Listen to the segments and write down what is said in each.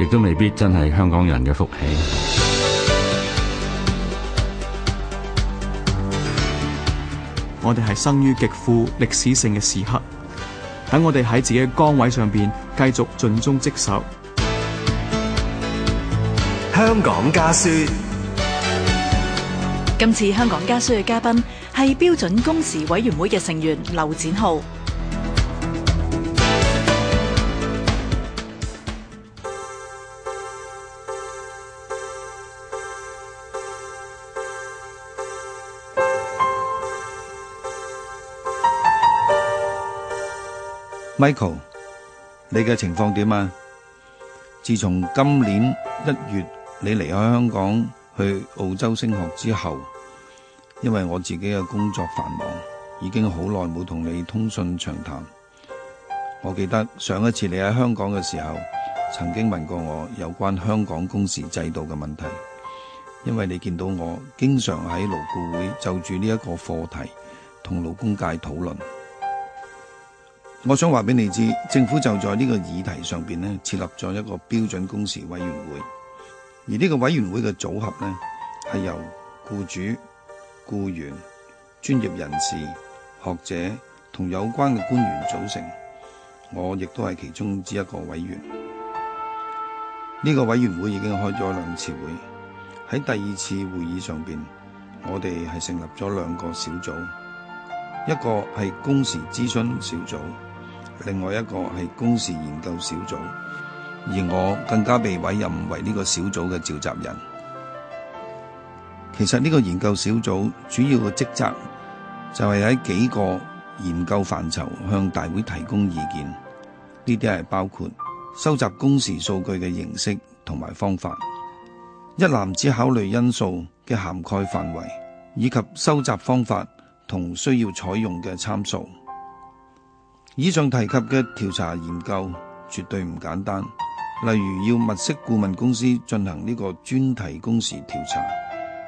亦都未必真係香港人嘅福氣。 我哋係生於極富歷史性嘅時刻，等我哋喺自己嘅崗位上邊繼續盡忠職守。香港家書。今次香港家書嘅嘉賓係標準工時委員會嘅成員劉展灝。Michael，你嘅情況點啊？自從今年一月你離開香港去澳洲升學之後，因為我自己嘅工作繁忙，已經好耐冇同你通訊長談。我記得上一次你喺香港嘅時候，曾經問過我有關香港工時制度嘅問題，因為你見到我經常喺勞顧會就住呢一個課題同勞工界討論。我想話俾你知，政府就在呢個議題上邊呢，設立咗一個標準工時委員會，而呢個委員會嘅組合呢，係由雇主、雇員、專業人士、學者同有關嘅官員組成。我亦都係其中之一個委員。呢、這個委員會已經開咗兩次會，喺第二次會議上邊，我哋係成立咗兩個小組，一個係工時諮詢小組。另外一個係工時研究小組，而我更加被委任為呢個小組嘅召集人。其實呢個研究小組主要嘅職責就係喺幾個研究範疇向大會提供意見。呢啲係包括收集工時數據嘅形式同埋方法，一籃子考慮因素嘅涵蓋範圍，以及收集方法同需要採用嘅參數。以上提及嘅調查研究絕對唔簡單，例如要物色顧問公司進行呢個專題工時調查，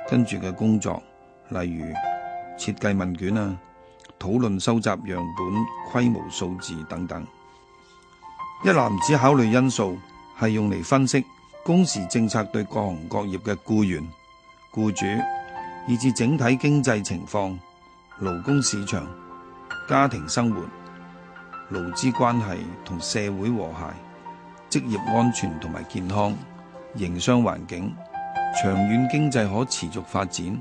跟住嘅工作，例如設計問卷啊、討論收集樣本規模數字等等。一籃子考慮因素係用嚟分析工時政策對各行各業嘅僱員、僱主，以至整體經濟情況、勞工市場、家庭生活、勞資關係同社會和諧、職業安全同埋健康、營商環境、長遠經濟可持續發展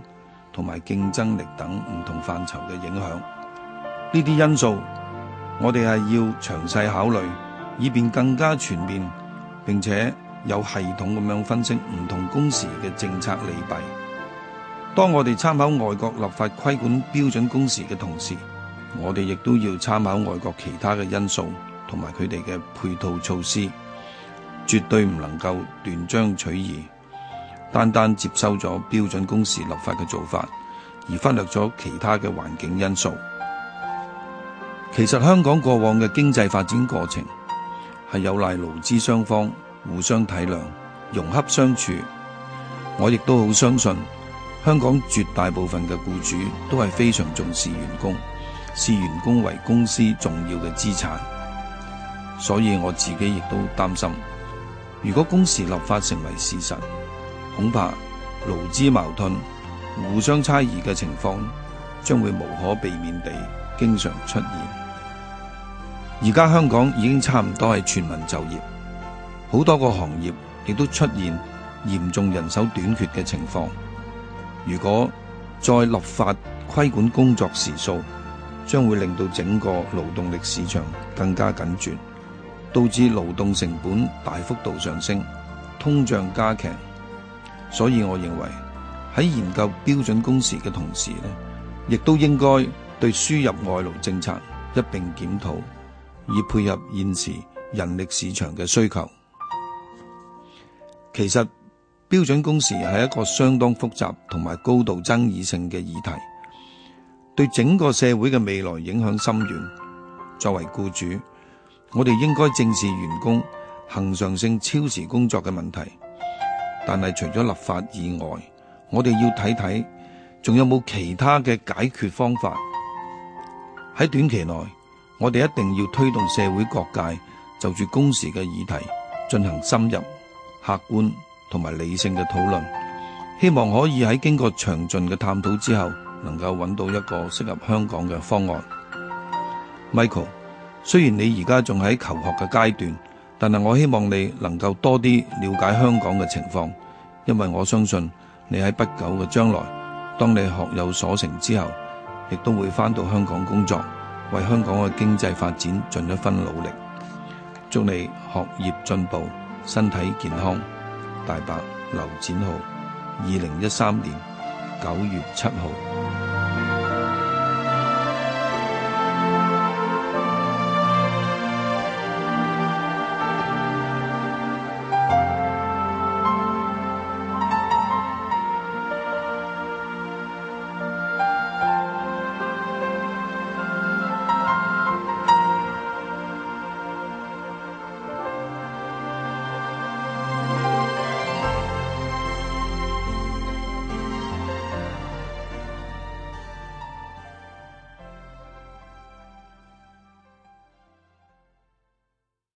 同埋競爭力等唔同範疇嘅影響，呢啲因素我哋係要詳細考慮，以便更加全面，並且有系統咁樣分析唔同工時嘅政策利弊。當我哋參考外國立法規管標準工時嘅同時，我哋亦都要參考外國其他嘅因素，同埋佢哋嘅配套措施，絕對唔能夠斷章取義，單單接收咗標準工時立法嘅做法，而忽略咗其他嘅環境因素。其實香港過往嘅經濟發展過程係有賴勞資雙方互相體諒、融洽相處。我亦都好相信香港絕大部分嘅雇主都係非常重視員工。視員工為公司重要嘅資產，所以我自己亦都擔心，如果工時立法成為事實，恐怕勞資矛盾、互相猜疑嘅情況將會無可避免地經常出現。而家香港已經差唔多係全民就業，好多個行業亦都出現嚴重人手短缺嘅情況。如果再立法規管工作時數，將會令到整個勞動力市場更加緊絀，導致勞動成本大幅度上升，通脹加劇。所以，我認為喺研究標準工時嘅同時咧，亦都應該對輸入外勞政策一並檢討，以配合現時人力市場嘅需求。其實，標準工時係一個相當複雜同埋高度爭議性嘅議題。對整個社會嘅未來影響深遠。作為僱主，我哋應該正視員工恆常性超時工作嘅問題。但係除咗立法以外，我哋要睇睇仲有冇其他嘅解決方法。喺短期內，我哋一定要推動社會各界就住工時嘅議題進行深入、客觀同埋理性嘅討論，希望可以喺經過詳盡嘅探討之後。能夠揾到一個適合香港嘅方案，Michael。雖然你而家仲喺求學嘅階段，但係我希望你能夠多啲了解香港嘅情況，因為我相信你喺不久嘅將來，當你學有所成之後，亦都會翻到香港工作，為香港嘅經濟發展盡一分努力。祝你學業進步，身體健康。大伯劉展灝，二零一三年九月七號。